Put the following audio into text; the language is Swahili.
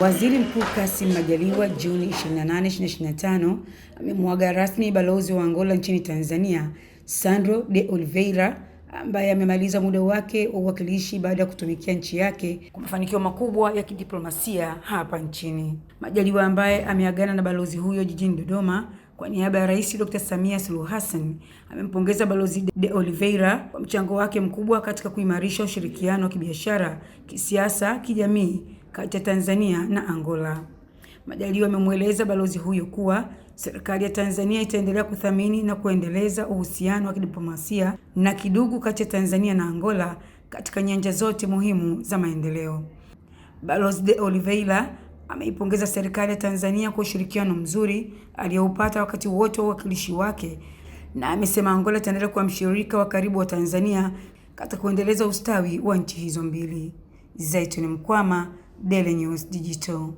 Waziri Mkuu Kassim Majaliwa Juni 28, 2025 amemwaga rasmi balozi wa Angola nchini Tanzania, Sandro de Oliveira ambaye amemaliza muda wake wa uwakilishi baada ya kutumikia nchi yake kwa mafanikio makubwa ya kidiplomasia hapa nchini. Majaliwa ambaye ameagana na balozi huyo jijini Dodoma kwa niaba ya Rais Dr. Samia Suluhu Hassan amempongeza Balozi De Oliveira kwa mchango wake mkubwa katika kuimarisha ushirikiano wa kibiashara, kisiasa, kijamii kati ya Tanzania na Angola. Majaliwa amemweleza balozi huyo kuwa serikali ya Tanzania itaendelea kuthamini na kuendeleza uhusiano wa kidiplomasia na kidugu kati ya Tanzania na Angola katika nyanja zote muhimu za maendeleo. Balozi De Oliveira ameipongeza serikali ya Tanzania kwa ushirikiano mzuri aliyoupata wakati wote wa uwakilishi wake na amesema Angola itaendelea kuwa mshirika wa karibu wa Tanzania katika kuendeleza ustawi wa nchi hizo mbili. Zaituni Mkwama, Daily News Digital.